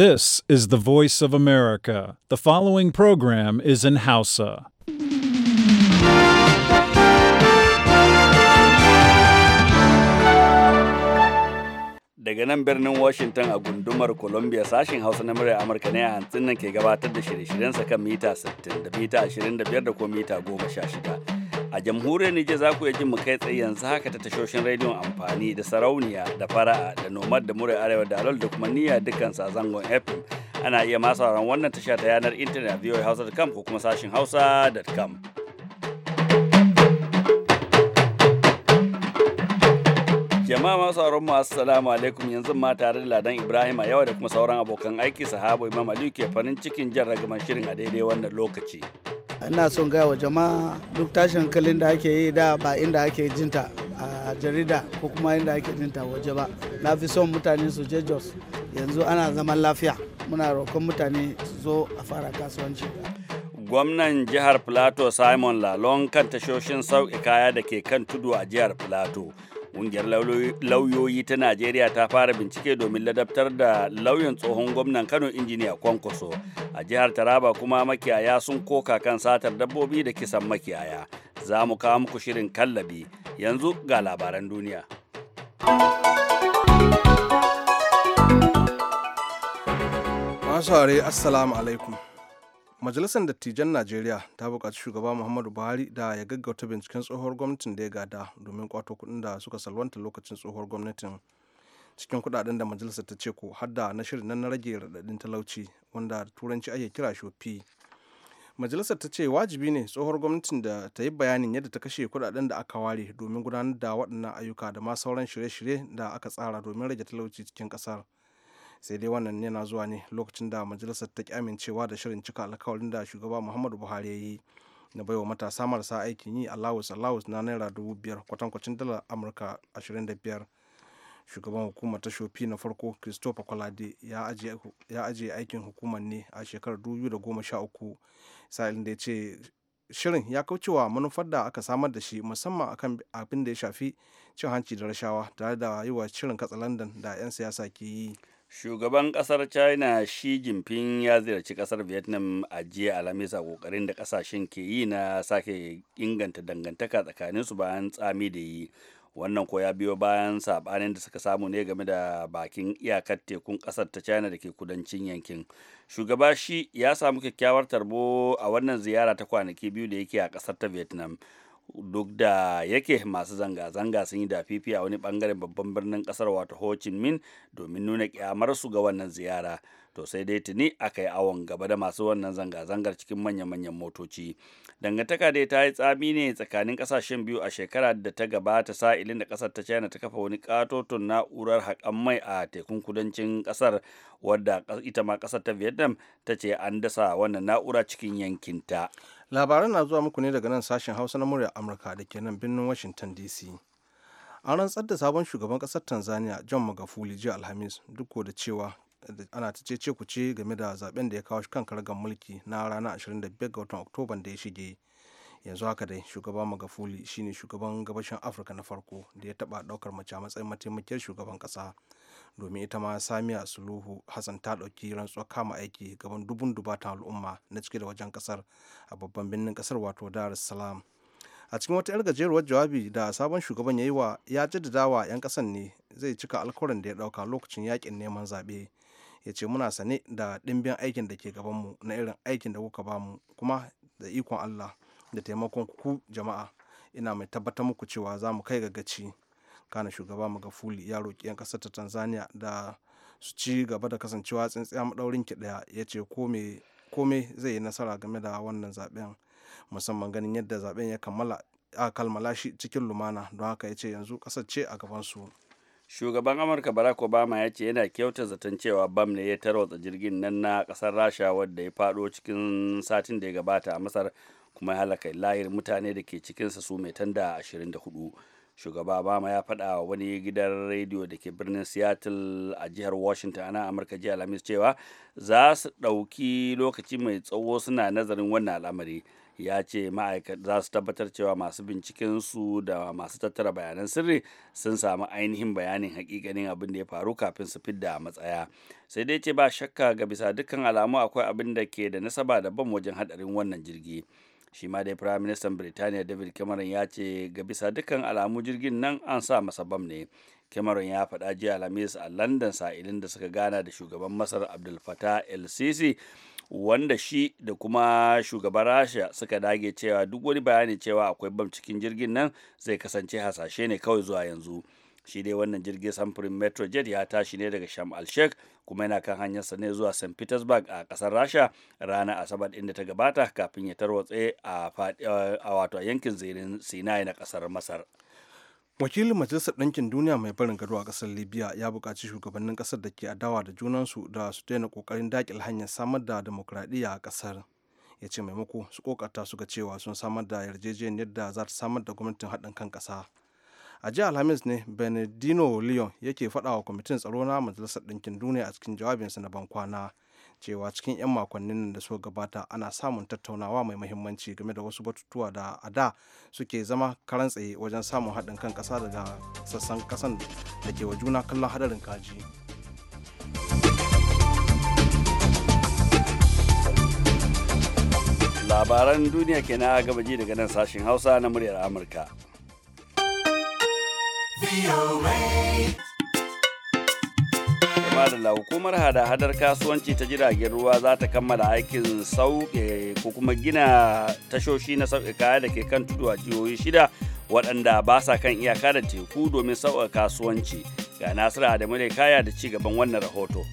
This is the voice of America. The following program is in Hausa. Daga nan birnin Washington a gundumar Columbia sashen Hausa na murya Amurka ne a hantsin nan ke gabatar da shirye-shiryensa kan mita 60 da mita 25 da ko mita 16. a jamhuriyar Nijar za ku ji mu kai tsaye yanzu haka ta tashoshin rediyon amfani da sarauniya da fara'a da nomad da murai arewa da alol da kuma niyya dukkan zangon fm ana iya masu wannan tasha ta yanar intanet voahausa.com ko kuma sashin hausa.com jama'a masu sauran mu assalamu alaikum yanzu ma tare da ladan ibrahim a yawa da kuma sauran abokan aiki sahabo imam aliyu ke farin cikin jan ragaman shirin a daidai wannan lokaci ina son gaya wa jama'a duk tashin hankalin da ake yi da ba inda ake jinta a jarida ko kuma inda ake jinta waje ba na fi son mutane su je jos yanzu ana zaman lafiya muna roƙon mutane su zo a fara kasuwanci gwamnan jihar plateau simon lalon kan tashoshin sauƙi kaya da ke kan tudu a jihar plateau Ƙungiyar lauyoyi ta Najeriya ta fara bincike domin ladabtar da lauyan tsohon gwamnan Kano injiniya Kwankwaso. A jihar Taraba kuma makiyaya sun koka kan satar dabbobi da kisan makiyaya. Za mu kawo muku shirin kallabi. Yanzu ga labaran duniya. Masu assalamu alaikum. majalisar dattijan najeriya ta buƙaci shugaba muhammadu buhari da ya gaggauta binciken tsohuwar gwamnatin da ya gada domin kwato kuɗin da suka salwanta lokacin tsohuwar gwamnatin cikin kuɗaɗen da majalisar ta ce ko har da na shirin na rage raɗaɗin talauci wanda turanci ake kira shofi majalisar ta ce wajibi ne tsohuwar gwamnatin da ta yi bayanin yadda ta kashe kuɗaɗen da aka ware domin gudanar da waɗannan ayyuka da ma sauran shirye-shirye da aka tsara domin rage talauci cikin ƙasar. sai dai wannan ne na zuwa ne lokacin da majalisar ta ki amincewa da shirin cika alkawarin da shugaba muhammadu buhari ya yi na baiwa matasa marasa aikin yi allowus allowus na naira dubu biyar kwatankwacin dalar amurka ashirin da biyar shugaban hukumar ta shofi na farko christopher kwalade ya ajiye aikin hukumar ne a shekarar 2013 sa'ilin da ya ce shirin ya kaucewa manufar da aka samar da shi musamman akan abin da ya shafi cin hanci da rashawa tare da yi wa shirin katsalandan da 'yan siyasa ke yi shugaban kasar china shi jinping ya ziyarci kasar vietnam a jiya alhamis a kokarin da kasashen ke yi na sake inganta dangantaka tsakanin su bayan tsami da yi wannan ko ya biyo bayan sabanin da suka samu ne game da bakin iyakar tekun kasar ta china da ke kudancin yankin shugaba shi ya samu kyakkyawar tarbo a wannan ziyara ta kwanaki biyu da yake a kasar ta vietnam duk da yake masu zanga-zanga sun yi dafifi a wani bangaren babban birnin kasar wato ho chi minh domin nuna kyamarsu ga wannan ziyara to sai dai tuni aka yi awon gaba da masu wannan zanga-zangar cikin manya-manyan motoci dangantaka dai ta yi tsami ne tsakanin kasashen biyu a shekara da ta gabata sa'ilin da kasar ta china ta kafa wani katoton na'urar haƙan mai a tekun kudancin kasar wadda ita ma kasar ta vietnam ta ce an dasa wannan na'ura cikin yankinta labaran na zuwa muku ne daga nan sashen hausa na murya amurka da ke nan birnin washington dc an rantsar da sabon shugaban kasar tanzania john magafuli jiya alhamis duk da cewa ana ta ce ku ce game da zaben da ya kawo kan karagar mulki na ranar 25 ga watan oktoban da ya shige yanzu haka dai shugaban magafuli shine shugaban gabashin afirka na farko da ya taba daukar mace a matsayin mataimakiyar shugaban kasa domin ita ma samiya suluhu hassan ta ɗauki rantsuwar kama aiki gaban dubun dubatan al'umma na cike da wajen kasar a babban birnin kasar wato dar es salaam a cikin wata yar gajeruwar jawabi da sabon shugaban ya yi wa ya jaddada wa 'yan kasan ne zai cika alkawarin da ya dauka lokacin yakin neman zaɓe ya ce muna sane da ɗimbin aikin da ke gabanmu na irin aikin da kuka bamu kuma da ikon allah da taimakon ku jama'a ina mai tabbatar muku cewa za mu kai ga gaci kana shugaba magafuli ya roƙi 'yan ƙasar ta tanzania da su ci gaba da kasancewa tsintsiya maɗaurin ki ɗaya ya ce kome zai yi nasara game da wannan zaben musamman ganin yadda zaben ya kammala a kalmala shi cikin lumana don haka ya ce yanzu ƙasar ce a su shugaban amurka barack obama ya ce yana kyauta zaton cewa bam ne ya tarwatsa jirgin nan na kasar rasha wadda ya faɗo cikin satin da ya gabata a masar kuma ya halaka layin mutane da ke cikinsa su mai tanda 24 shugaba obama ya faɗa wani gidan rediyo da ke birnin seattle a jihar washington ana amurka jiya alhamis cewa za su ɗauki lokaci mai tsawo suna nazarin wannan al'amari ya ce ma'aikata za su tabbatar cewa masu binciken su da masu tattara bayanan sirri sun samu ainihin bayanin hakikanin abin da ya faru kafin su fidda matsaya sai dai ce ba shakka ga bisa dukkan alamu akwai abin da ke da nasaba da ban wajen hadarin wannan jirgi shi ma dai prime minister birtaniya david cameron ya ce ga bisa dukkan alamu jirgin nan an sa masa bam ne cameron ya faɗa jiya alhamis a london sa'ilin da suka gana da shugaban masar abdul fattah el wanda shi da kuma shugaban rasha suka dage cewa duk wani bayani cewa akwai bam cikin jirgin nan zai kasance hasashe ne kawai zuwa yanzu shi dai wannan jirgin samfurin metrojet ya tashi ne daga sham al sheikh kuma yana kan hanyarsa ne zuwa st petersburg a kasar rasha rana asabar inda ta gabata kafin ya tarwatse a wato yankin zirin sinai na kasar masar wakilin majalisar ɗankin duniya mai barin gado a ƙasar libya ya buƙaci shugabannin ƙasar da ke adawa da junansu da su daina ƙoƙarin daƙil hanyar samar da demokuraɗiyya a ƙasar ya ce maimako su ƙoƙarta su ga cewa sun samar da yarjejeniyar da za ta samar da gwamnatin haɗin kan ƙasa a jiya alhamis ne benedino leon yake faɗa wa kwamitin tsaro na majalisar ɗinkin duniya a cikin jawabinsa na bankwana cewa cikin 'yan makonnin nan da suka gabata ana samun tattaunawa mai mahimmanci game da wasu batutuwa da a da suke zama karan tsaye wajen samun haɗin kan kasa daga sassan kasan da ke wa juna kallon hadarin kaji labaran duniya ke gaba gabaji daga nan sashen hausa na muryar amurka madalla hukumar hada-hadar kasuwanci ta jiragen ruwa za ta kammala aikin sauke ko kuma gina tashoshi na sauke kaya da ke kan tudu a jihohi shida waɗanda ba sa kan iyaka da teku domin sauƙa kasuwanci ga nasiru adamu kaya da ci gaban wannan rahoto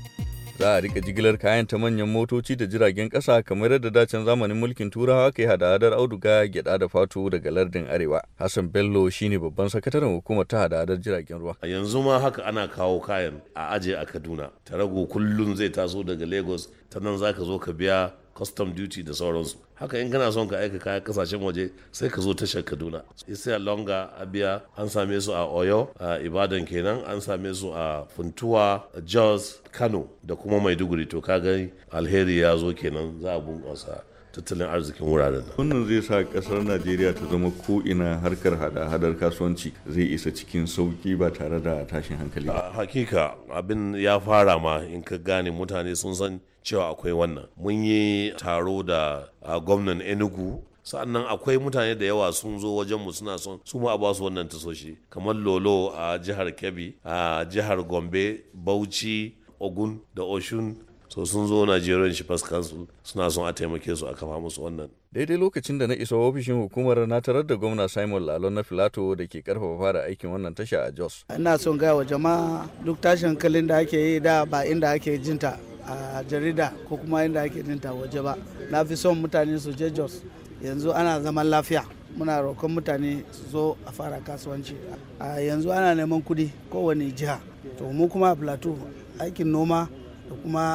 za a rika jigilar kayan ta manyan motoci da jiragen ƙasa kamar yadda dacen zamanin mulkin turawa ke hada-hadar auduga gyada da fatu daga lardin arewa hassan bello shine babban sakataren hukumar ta hada-hadar jiragen ruwa yanzu ma haka ana kawo kayan a aje a kaduna ta rago kullum zai taso daga lagos ta nan zaka zo ka biya custom duty da sauransu haka in kana son ka aika kaya kasashen waje sai ka zo tashar kaduna isa longa abia an same su a oyo a ibadan kenan an same su a funtuwa jos kano da kuma maiduguri to ka gani alheri ya zo kenan za a bunkasa tattalin arzikin wuraren nan. Wannan zai sa kasar Najeriya ta zama ko ina harkar hada-hadar kasuwanci zai isa cikin sauki ba tare da tashin hankali. A hakika abin ya fara ma in ka gane mutane sun san cewa akwai wannan. Mun yi taro da gwamnan Enugu sannan akwai mutane da yawa sun zo wajen mu suna son su ma ba su wannan tasoshi kamar lolo a jihar kebbi a jihar gombe bauchi ogun da oshun so sun zo najeriya shi kansu suna son a taimake su a kafa musu wannan daidai lokacin da na isa ofishin hukumar na tarar da gwamna simon lalon na filato da ke karfafa fara aikin wannan tasha a jos ina son gaya wa jama'a duk tashin hankalin da ake yi da ba inda ake jinta a jarida ko kuma inda ake jinta waje ba na fi son mutane su je jos yanzu ana zaman lafiya muna roƙon mutane su zo a fara kasuwanci a yanzu ana neman kuɗi kowane jiha to mu kuma a plateau aikin noma da kuma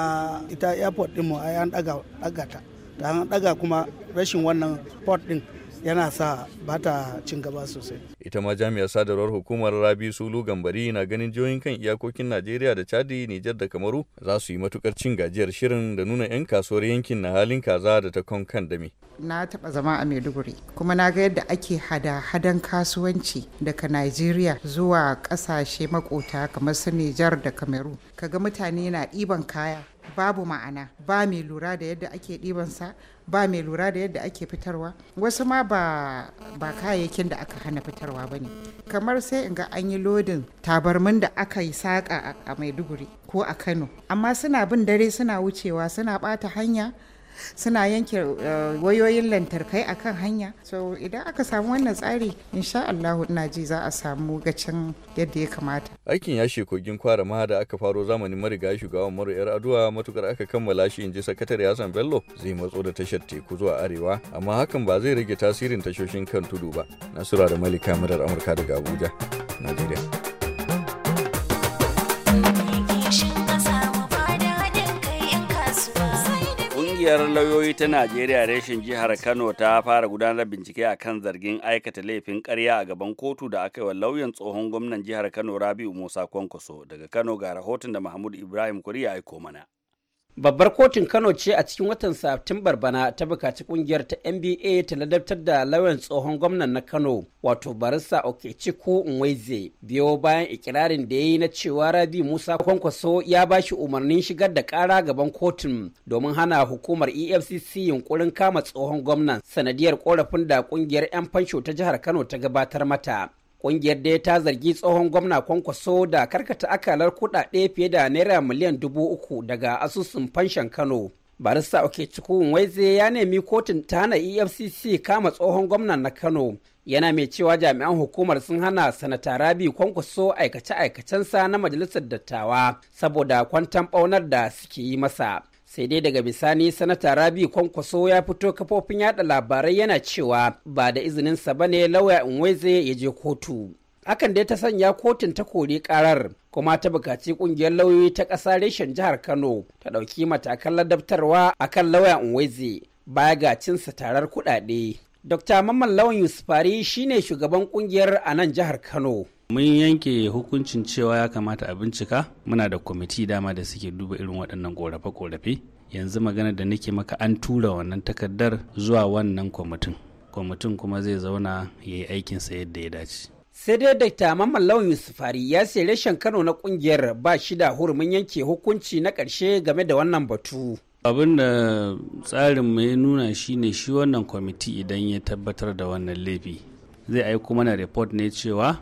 ita airport din mu an daga ta an daga kuma rashin wannan port din yana sa ba ta cin gaba sosai. Ita ma jami'ar sadarwar hukumar Rabi Sulu Gambari na ganin jihohin kan iyakokin Najeriya da Chadi, Nijar da Kamaru za su yi matukar cin gajiyar shirin da nuna 'yan kasuwar yankin na halin kaza da ta kan dami. Na taba zama a Maiduguri kuma na ga yadda ake hada-hadan kasuwanci daga Najeriya zuwa kasashe makota kamar su Nijar da Kamaru. Kaga mutane na ɗiban kaya babu ma'ana ba mai lura da yadda ake ɗibansa ba mai lura da yadda ake fitarwa wasu ma ba ba kayayyakin da aka hana fitarwa ba ne kamar sai in ga an yi lodin tabarmin da aka yi saƙa a maiduguri ko a kano amma suna bin dare suna wucewa suna ɓata hanya suna yanke eh, wayoyin lantarkai a kan hanya so idan aka samu wannan tsari insha Allah ina ji za a samu gacin yadda ya kamata aikin yashe kogin kwara ma da aka faro zamanin mariga shugaban mara yar aduwa matukar aka kammala shi inji sakatare yasan Bello zai matso da tashar teku zuwa arewa amma hakan ba zai rage tasirin tashoshin kan tudu ba nasura da malika murar Amurka daga Abuja nigeria. Ƙungiyar lauyoyi ta Najeriya reshen jihar Kano ta fara gudanar bincike a kan zargin aikata laifin karya a gaban kotu da aka yi wa lauyan tsohon gwamnan jihar Kano Rabi'u Musa Kwankwaso daga Kano ga rahoton da Mahmud Ibrahim Kuri ya aiko mana. Babbar kotun Kano ce a cikin watan Satumbar bana ta bukaci kungiyar ta NBA ta ladabtar da lauyan tsohon gwamnan na Kano wato Barista Okechukwu Nweze biyo bayan ikirarin da ya yi na cewa Rabi Musa Kwankwaso ya ba shi umarnin shigar da kara gaban kotun domin hana hukumar EFCC yunkurin kama tsohon gwamnan sanadiyar korafin da kungiyar 'yan fansho ta jihar Kano ta gabatar mata. Ƙungiyar dai ta zargi tsohon gwamna kwankwaso da karkata akalar kuɗaɗe fiye da naira miliyan dubu uku daga asusun fanshan Kano. Barista Oke Cikun Waize ya nemi kotun ta hana EFCC kama tsohon gwamna na Kano. Yana mai cewa jami'an hukumar sun hana sanata Rabi kwankwaso aikace-aikacensa na majalisar dattawa saboda kwantan ɓaunar da suke yi masa. sai dai daga bisani sanata rabi kwankwaso ya fito kafofin yada labarai yana cewa ba da izininsa ba ne lauya inweze ya je kotu hakan dai ta sanya kotun ta kori karar kuma ta bukaci kungiyar lauyoyi ta ƙasa reshen jihar kano ta ɗauki matakan ladabtarwa akan lauya inweze baya ga cinsa tarar kudade. dr mamman lawan yusufari shine shugaban kungiyar a nan jihar kano mun yanke hukuncin cewa ya kamata a bincika muna da kwamiti dama da suke duba irin waɗannan korafe-korafe yanzu magana da nake maka an tura wannan takardar zuwa wannan kwamitin kwamitin kuma zai zauna ya yi aikinsa yadda ya dace sai dai dakta mamman lawan yusufari ya sai reshen kano na kungiyar ba shi da hurumin yanke hukunci na ƙarshe game da wannan batu abin da tsarin ya nuna shine shi wannan kwamiti idan ya tabbatar da wannan laifi zai aiko mana report ne cewa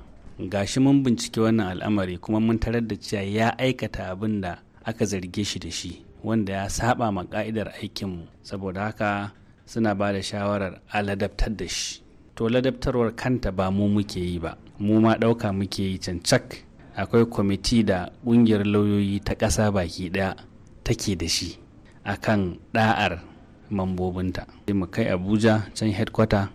gashi mun bincike wannan al'amari kuma mun tarar da cewa ya aikata abin da aka zarge shi da shi wanda ya saba ma ka'idar aikinmu saboda haka suna ba da shawarar a ladabtar da shi to ladabtarwar kanta ba mu muke yi ba mu ma ɗauka muke yi cancak akwai kwamiti da ƙungiyar lauyoyi ta ƙasa baki ɗaya take da shi akan ɗa'ar mambobinta sai mu kai abuja can headquarter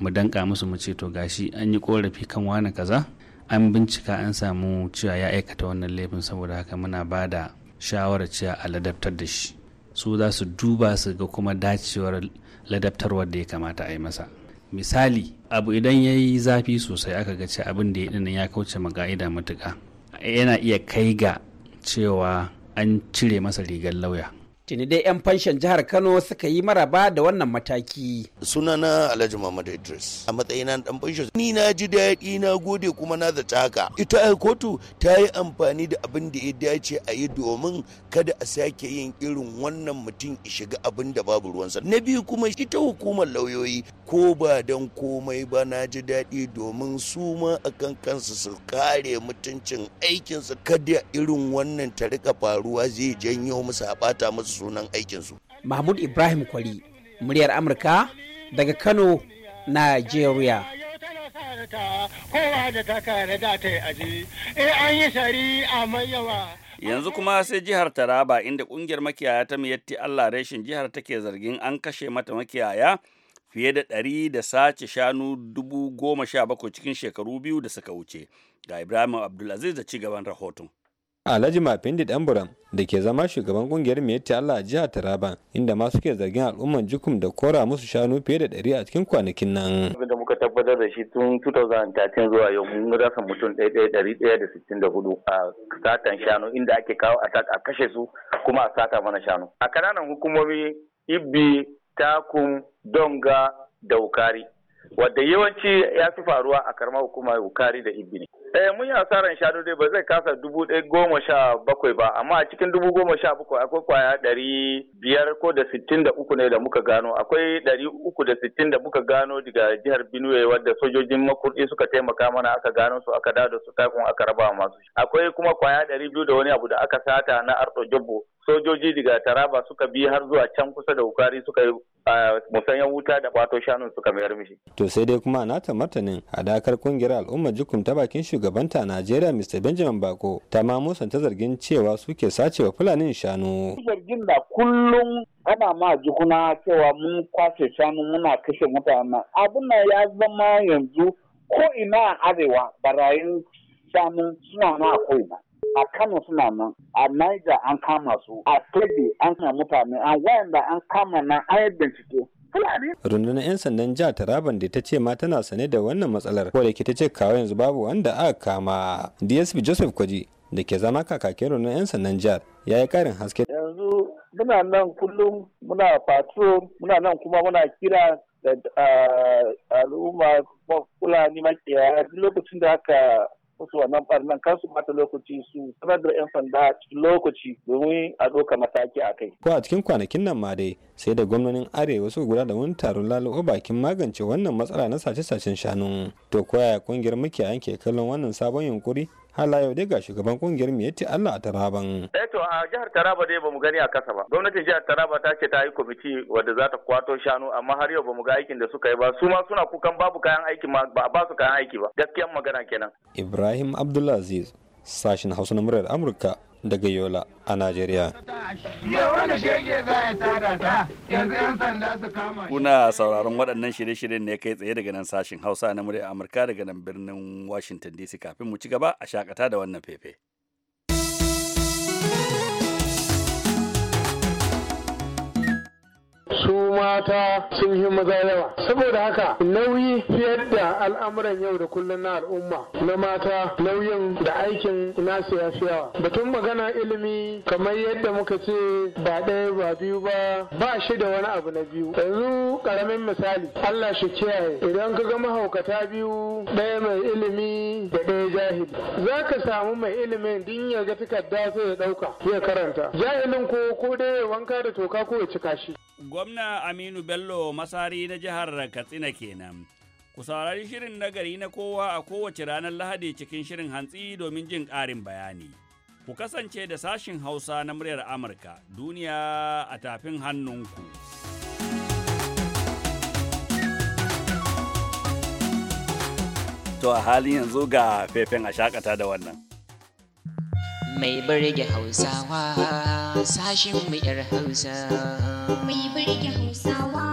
mu danka musu mu ce to gashi an yi korafi kan wani kaza an bincika an samu cewa ya aikata wannan laifin saboda haka muna ba da shawarar cewa a ladabtar da shi su za su duba su ga kuma dacewar ladabtarwar da ya kamata a yi masa misali abu idan ya yi zafi sosai aka ga ce abin da ya ya kauce maga'ida matuka yana iya kai ga cewa an cire masa rigar lauya tuni dai 'yan jihar kano suka yi maraba da wannan mataki sunana alhaji muhammad idris a matsayina dan fanshan ni na ji daɗi na gode kuma na zata haka ita kotu ta yi amfani da abin da ya dace a yi domin kada a sake yin irin wannan mutum ya shiga abin da babu ruwansa na biyu kuma ita hukumar lauyoyi ko ba don komai ba na ji daɗi domin su ma akan kansu su kare mutuncin aikinsu kada irin wannan ta rika faruwa zai janyo musu a ɓata musu sunan aikinsu. Mahmud Ibrahim Kwari, muryar Amurka daga Kano, Nigeria. Yanzu kuma sai jihar Taraba inda kungiyar makiyaya ta miyatti Allah reshin jihar take zargin an kashe mata makiyaya fiye da ɗari da sace shanu dubu goma sha bakwai cikin shekaru biyu da suka wuce. Ga Ibrahim Abdulaziz da ci gaban rahoton. Alhaji Mafindi Danburam da ke zama shugaban kungiyar Miyetti Allah a jihar Taraba inda ma suke zargin al'umman Jukum da kora musu shanu fiye da ɗari a cikin kwanakin nan. Abin da muka tabbatar da shi tun 2013 zuwa yau mun rasa mutum hudu a satan shanu inda ake kawo a kashe su kuma a sata mana shanu. A kananan hukumomi Ibbi, Takum, Donga, da Wukari. Wadda yawanci ya fi faruwa a karamar hukumar Wukari da Ibbi ne. Eh mun yi asarar shanu dai ba zai kasa dubu ɗaya goma sha bakwai ba amma a cikin dubu goma sha bakwai akwai kwaya ɗari biyar ko da sittin da uku ne da muka gano akwai ɗari uku da sittin da muka gano daga jihar Benue wadda sojojin makurɗi suka taimaka mana aka gano su aka da su takun aka raba masu akwai kuma kwaya ɗari biyu da wani abu da aka sata na arɗo Jobbo sojoji daga Taraba suka bi har zuwa can kusa da Ukari suka yi musanyen wuta da bato shanun suka mayar mishi. To sai dai kuma na nata martanin hadakar kungiyar al'umma jikun ta bakin shi shugabanta Najeriya Mr. Benjamin Bako ta ma musanta zargin cewa suke sace wa Fulanin shanu. Zargin da kullum ana ma jikuna cewa mun kwashe shanu muna kashe mutanen. Abin ya zama yanzu ko ina a arewa barayin shanu suna na ko'ina. a Kano suna nan, a Niger an kama su, a Kebbi an kama mutane, a wayanda an kama na an yi bincike. rundunar 'yan sandan jihar taraban da ta ce ma tana sane da wannan matsalar ko da ke ta ce kawo yanzu babu wanda aka kama dsp joseph kwaji da ke zama kakakin rundunar 'yan sandan jihar ya yi karin haske yanzu muna nan kullum muna fato muna nan kuma muna kira da ah, al'umma fulani makiyaya lokacin da aka su wannan barnan kansu su mata lokaci su sanar da 'yan sanda cikin lokaci domin a ɗauka mataki a kai. Ko a cikin kwanakin nan ma dai sai da gwamnanin arewa suka gudanar da wani taron lalubo bakin magance wannan matsala na sace-sacen shanu. To koya kungiyar muke ke kallon wannan sabon yunkuri hala yau dai ga shugaban kungiyar mu yace Allah a Taraban. Eh to a jihar Taraba dai bamu gani a kasa ba. Gwamnatin jihar Taraba ta ce ta yi kwamiti wadda za ta kwato shanu amma har yau bamu ga aikin da suka yi ba. Su ma suna kukan babu kayan aiki ma ba ba su kayan aiki ba. Gaskiyan magana kenan. Ibrahim Abdulaziz sashin Hausa na muryar Amurka daga Yola a Najeriya. Kuna sauraron waɗannan shirye-shiryen ne kai tsaye daga nan sashen Hausa na murya Amurka daga nan birnin Washington DC kafin mu ci gaba a shakata da wannan fefe. su mata sun yi maza yawa saboda haka nauyi fiye da al'amuran yau da kullum na al'umma na mata nauyin da aikin nasu ya fi yawa batun magana ilimi kamar yadda muka ce ba ɗaya ba biyu ba ba shi da wani abu na biyu yanzu karamin misali Allah shi kiyaye idan ka ga mahaukata biyu ɗaya mai ilimi da ɗaya jahili za ka samu mai ilimin din ya ga takarda sai ya ɗauka ya karanta jahilin ko ko dai wanka da toka ko ya cika shi Gwamna Aminu Bello Masari na jihar Katsina kenan. Ku saurari shirin nagari na kowa a kowace ranar Lahadi cikin shirin hantsi domin jin ƙarin bayani. Ku kasance da sashin Hausa na muryar Amurka, duniya a tafin hannunku. To a halin yanzu ga fefen a shakata da wannan. mai birge hausawa sashin mu yar hausa mai birge hausawa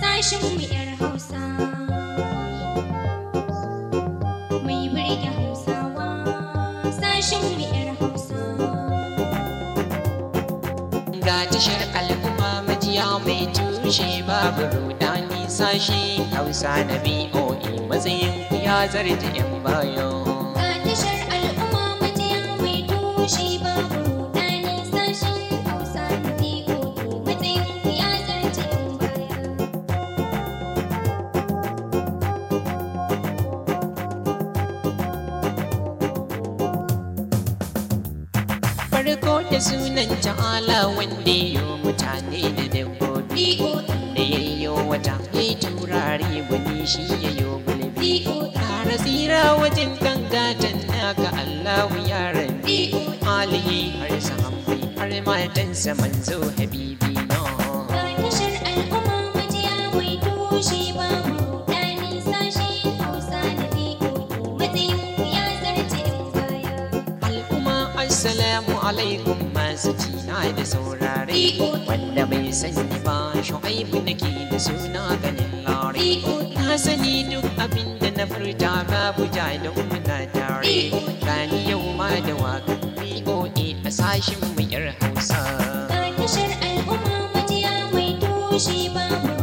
sashin mu yar hausa mai birge hausawa sashin mu yar hausa ga tashar al'umma majiya mai tushe babu rudani sashin hausa na boe matsayin ku ya zarje yan bayo shi ya yo gulbi ƙara tsira wajen na naka Allahu ya rabbi alihi har sahabbai har saman zo habibi no tashar al'umma ya mai tushe ba Assalamu alaikum masu jina da saurare wanda bai sanyi ba shu'aibu nake da suna ganin lare. hasali duk abinda na furta babu jalin muna tare rani yau ma da waka voa e a sashin mu yar hausa a tashar al'umma majiya mai tushe babu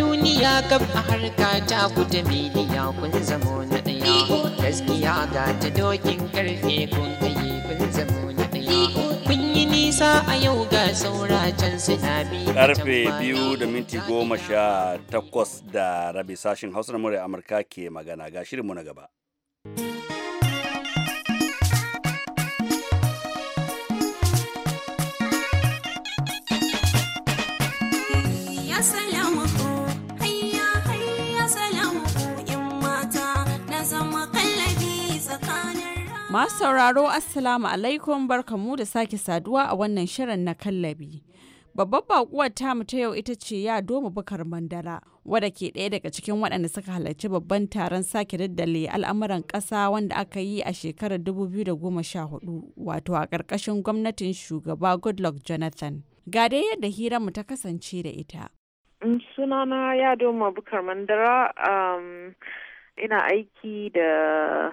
duniya gab a harka ta da miliya kun zamo na ɗaya gaskiya ga ta dokin karfe kun kaye kun zamo na nisa a yau ga sauracen can Karfe biyu da minti goma sha takwas da rabi sashen Hausa na Amurka ke magana ga shirinmu na gaba. Masu sauraro Assalamu alaikum barkamu da sake saduwa a wannan shirin na kallabi. Babbar bakuwar tamu ta yau ita ce ya doma bukar mandara wadda ke ɗaya daga cikin waɗanda suka halarci babban taron sake daddale al'amuran ƙasa wanda aka yi a shekarar 2014 wato a ƙarƙashin gwamnatin shugaba Goodluck Jonathan. Ga dai yadda mu ta kasance da ita. Mm, sunana ya doma bukar mandara um, ina aiki da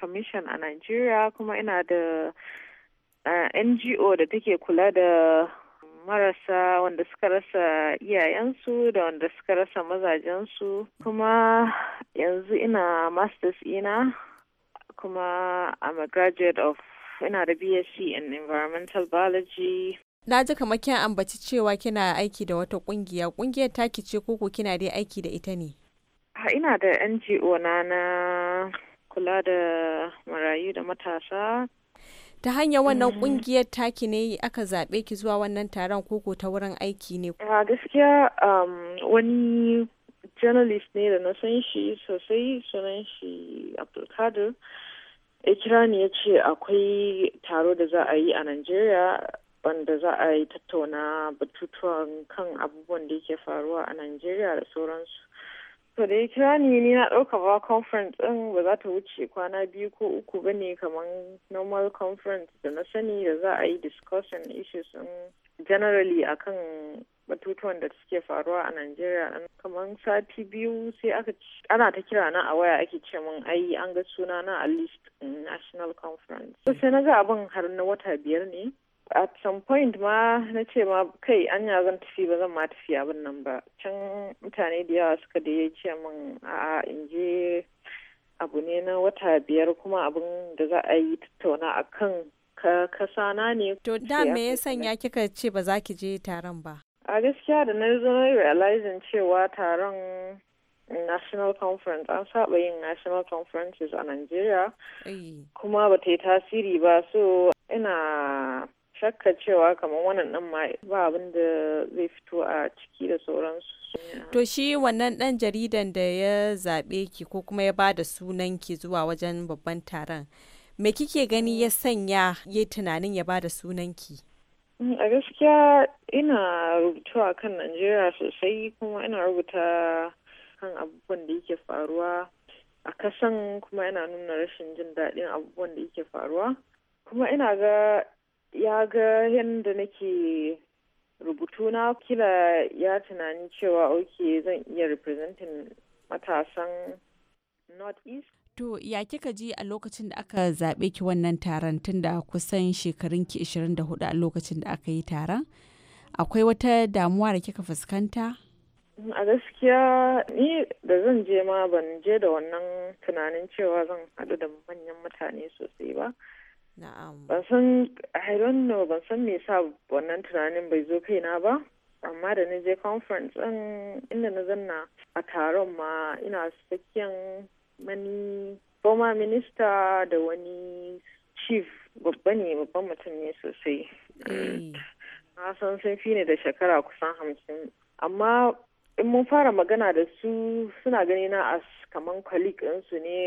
commission a Nigeria kuma ina da uh, NGO da take kula da marasa wanda suka rasa iyayensu da wanda suka rasa mazajensu kuma yanzu ina masters ina kuma I'm a graduate of ina da BSc in environmental biology na ji kamar kin ambaci cewa kina aiki da wata kungiya kungiyar taki ce koko kina dai aiki da ita ne ina da ngo na na kula da marayu da matasa ta hanyar wannan kungiyar mm. taki ne aka zaɓe ki zuwa wannan taron koko ta wurin aiki ne a gaskiya um, wani journalist ne da na san shi sosai sunan shi abdulkadir ya kira ni ya ce akwai taro da za a yi a Najeriya banda za a yi tattauna batutuwan kan abubuwan da yake faruwa a Najeriya da sauransu. to da ya kira ni ni na ɗauka ba conference ɗin ba za ta wuce kwana biyu ko uku ba ne kamar normal conference da na sani da za a yi discussion issues ɗin generally kan batutuwan da suke faruwa a Najeriya kamar sati biyu sai aka ana ta kira na a waya ake ce min ai an ga suna na a list national conference. sai na ga abin har na wata biyar ne at some point ma na ce ma kai anya zan tafi ba zan ma tafi abin nan ba can mutane da yawa suka da ya ce min a in je abu ne na wata biyar kuma abin da za a yi tattauna a kan kasana ne to da me ya sanya kika ce ba za ki je taron ba a gaskiya da na zo realizing cewa taron national conference an saba yin national conferences a nigeria kuma ba ta yi tasiri ba so ina shakka cewa kamar wannan ɗan ma ba abin da zai fito a ciki da sauransu. To shi wannan ɗan jaridan da ya zaɓe ki ko kuma ya ba da sunan ki zuwa wajen babban taron. Me kike gani ya sanya ya tunanin ya bada da sunan ki? Mm, a gaskiya ina rubutuwa kan Najeriya sosai kuma ina rubuta kan abubuwan da yake faruwa a kasan kuma ina nuna rashin jin daɗin abubuwan da yake faruwa. Kuma ina ga ya ga yadda nake rubutu na kila ya tunani cewa ok zan iya representing matasan north east to ya kika ji a lokacin da aka zaɓe ki wannan taron tun da kusan shekarun ki 24 a lokacin da aka yi taron akwai wata damuwa da kika fuskanta a gaskiya ni da zan je ma ban je da wannan tunanin cewa zan haɗu da manyan mutane sosai ba na'am ban san i don't know ban san me sa wannan tunanin bai zo kai na ba amma da na je conference din inda na zanna a taron ma ina sakiyan mani former minister da wani chief babba ne babban mutum ne sosai eh. na san sun fi ne da shekara kusan hamsin amma in mun fara magana da su suna gani na as kaman colleague ɗinsu ne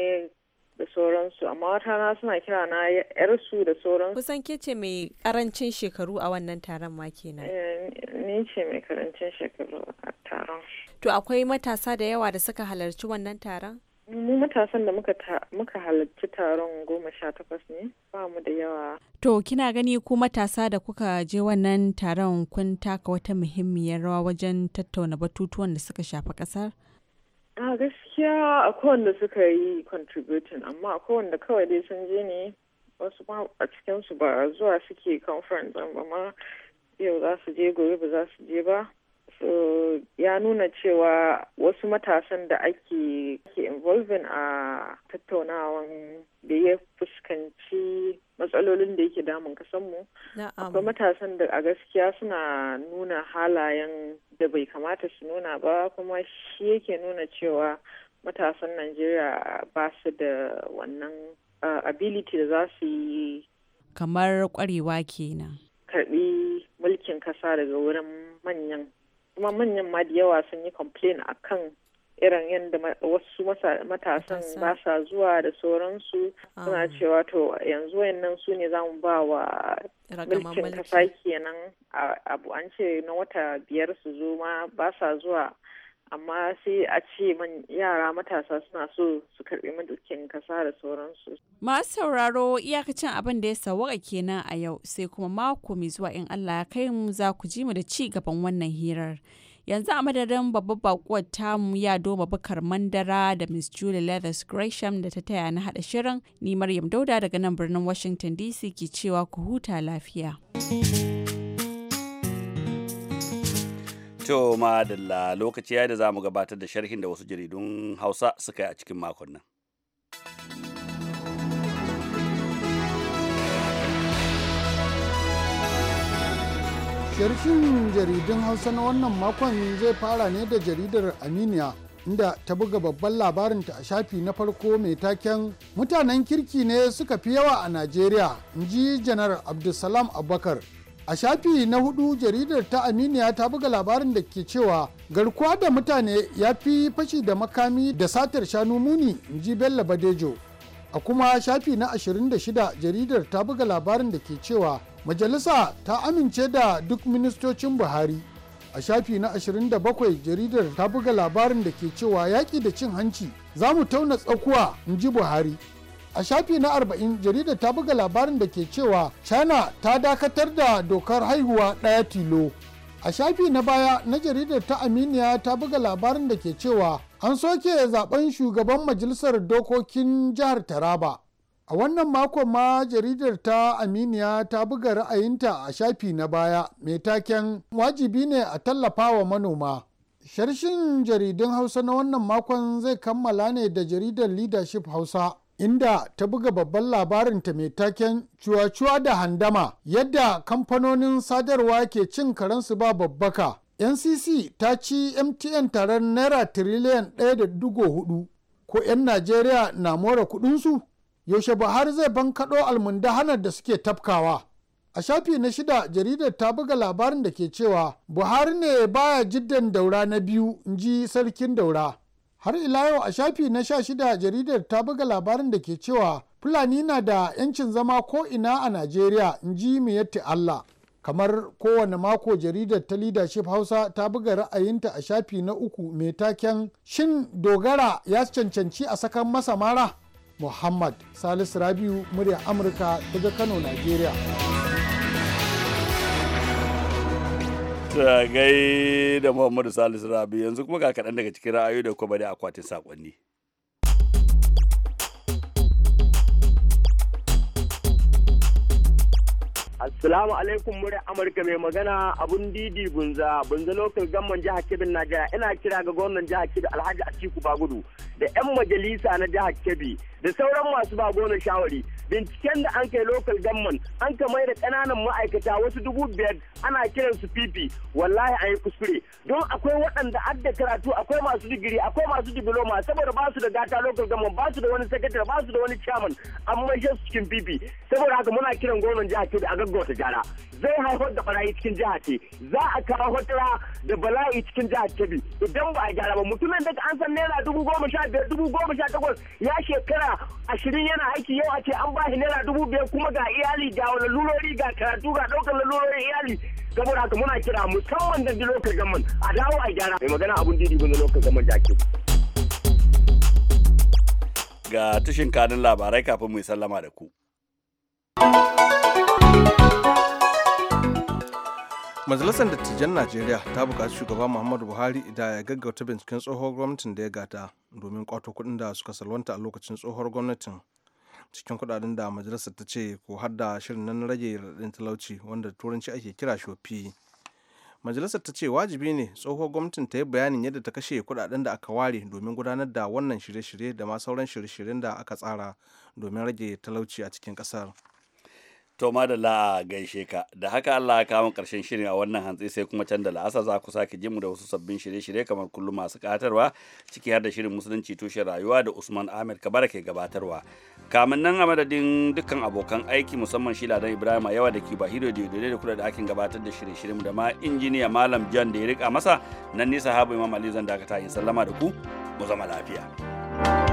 da sauransu amma wata na suna kira na yarsu da sauransu kusan ke ce mai karancin shekaru a wannan taron ma kenan eh, ni ce mai karancin shekaru a taron to akwai matasa da yawa da suka halarci wannan taron mu matasan da muka halarci taron goma sha takwas ne ba mu da yawa to kina gani ku matasa da kuka je wannan taron kun taka wata muhimmiyar rawa wajen tattauna batutuwan da suka shafi kasar a gaskiya a wanda suka yi contributing amma a kowanne kawai dai sun je ne wasu ma a cikinsu ba zuwa suke conference ba ma yau za su je gobe ba za su je ba so ya nuna cewa wasu matasan da ake ke involving a tattaunawan da ya fuskanci matsalolin da yake damun kasanmu akwai matasan da a gaskiya suna nuna halayen da bai kamata su nuna ba kuma shi yake nuna cewa matasan najeriya ba su da wannan uh, ability da za su yi kamar kwarewa kenan karbi mulkin kasa daga wurin manyan kuma manyan ma da yawa sun yi complain kan. irin yadda wasu matasan ba sa zuwa da sauransu suna ah. cewa to yanzu wayannan su ne za mu ba wa mulkin kasa kenan abu an ce na wata biyar su zo ma ba sa zuwa amma sai a ce man yara matasa suna so su karbi mulkin kasa da sauransu. Masu sauraro iyakacin abin da ya sauwaka kenan a yau sai kuma mako mai zuwa in Allah ya kai mu za ku ji mu da ci gaban wannan hirar. yanzu a madadin babbar bakuwar tamu ya doma bukar mandara da miss julie leathers gresham da ta taya na hada shirin ni maryam dauda daga nan birnin washington dc ke cewa ku huta lafiya to madalla lokaci ya da za mu gabatar da sharhin da wasu jaridun hausa suka yi a cikin makon nan Sharshin jaridun Hausa na wannan makon zai fara ne da jaridar Aminiya inda ta buga babban labarinta a shafi na farko mai taken mutanen kirki ne suka fi yawa a Najeriya, ji janar Abdulsalam Abubakar. A shafi na hudu jaridar ta Aminiya ta buga labarin da ke cewa garkuwa da mutane ya fi fashi da makami da satar shanu muni in ji Bello Badejo. A kuma shafi na 26 jaridar ta buga labarin da ke cewa majalisa ta amince da duk ministocin buhari a shafi na 27 jaridar ta buga labarin da ke cewa yaƙi da cin hanci za mu tauna tsakuwa in ji buhari a shafi na 40 jaridar ta buga labarin da ke cewa china ta dakatar da dokar haihuwa ɗaya tilo a shafi na baya na jaridar ta aminiya ta buga labarin da ke cewa an soke zaben shugaban majalisar dokokin jihar taraba a wannan makon ma jaridar ta aminiya ta buga ra'ayinta a shafi na baya mai taken wajibi ne a tallafa wa manoma sharshin jaridun hausa na wannan makon zai kammala ne da jaridar leadership hausa inda ta buga babban labarin ta mai taken cuwa-cuwa da handama yadda kamfanonin sadarwa ke cin karensu ba babbaka ncc ta ci mtn taron naira tiriliyan 1.4 ko 'yan najeriya na more kudinsu yaushe buhari zai bankaɗo almundahanar da suke tafkawa a shafi na shida jaridar ta buga labarin da ke cewa buhari ne baya jiddan daura na biyu ji sarkin daura har ila yau a shafi na sha shida jaridar ta buga labarin da ke cewa fulani na da 'yancin zama ko ina a najeriya ji miyatti allah kamar kowane mako jaridar ta leadership hausa ta buga ra'ayinta a shafi na uku mai taken shin dogara ya cancanci a sakan masa mara Muhammad Salisu Rabiu murya Amurka daga Kano, Najeriya. Tagai da Muhammadu Salisu Rabiu yanzu kuma ga kaɗan daga cikin ra'ayoyi da kuma da akwatin saƙonni. Assalamu alaikum murya Amurka mai magana abun Didi Bunza, Bunza lokal gamman jihar Kebbi Najeriya ina kira ga gwamnan jihar Kebbi Alhaji Atiku Bagudu da 'yan majalisa na jihar Kebbi da sauran masu ba shawari binciken da an kai local government an ka mai da ƙananan ma'aikata wasu dubu biyar ana kiran su pp wallahi an yi kuskure don akwai waɗanda adda karatu akwai masu digiri akwai masu diploma saboda ba su da gata local government ba su da wani secretary ba su da wani chairman an shi su cikin pp saboda haka muna kiran gwamnan jiha ce a a ta jara zai haifar da barayi cikin jiha ce za a kawo hotara da bala'i cikin jihar kebbi idan ba a gyara ba mutumin daga an san naira dubu goma sha biyar dubu goma sha takwas ya shekara ashirin yana aiki yau a ce an an ba shi naira dubu biyar kuma ga iyali ga wani lurori ga karatu ga ɗaukar lalurorin iyali saboda haka muna kira musamman da lokacin gaman a dawo a gyara mai magana abun didi gudun lokacin gaman jakin. ga tushen kanin labarai kafin mu sallama da ku. Majalisar Dattijan Najeriya ta buƙaci shugaba Muhammadu Buhari da ya gaggauta binciken tsohon gwamnatin da ya gata domin kwato kuɗin da suka salwanta a lokacin tsohon gwamnatin cikin kudaden da majalisar ta ce ko har da shirin nan rage raɗin talauci wanda turanci ake kira shofi majalisar ta ce wajibi ne tsohuwar gwamnatin ta yi bayanin yadda ta kashe kudaden da aka ware domin gudanar da wannan shirye-shirye da ma sauran shirye-shiryen da aka tsara domin rage talauci a cikin ƙasar. To madalla a gaishe ka, da haka Allah ya kawo ƙarshen shirin a wannan hantsi sai kuma can da la'asa za ku sake jin mu da wasu sabbin shirye-shirye kamar kullum masu katarwa ciki har da shirin musulunci tushen rayuwa da Usman Ahmed Kabara ke gabatarwa. Kamin nan a madadin dukkan abokan aiki musamman shi Ladan Ibrahim yawa da ke Bahiro da Yodore da kula da aikin gabatar da shirye-shiryen da ma injiniya Malam John da ya rika masa nan nisa habu Imam Ali zan dakata in sallama da ku mu zama lafiya. thank you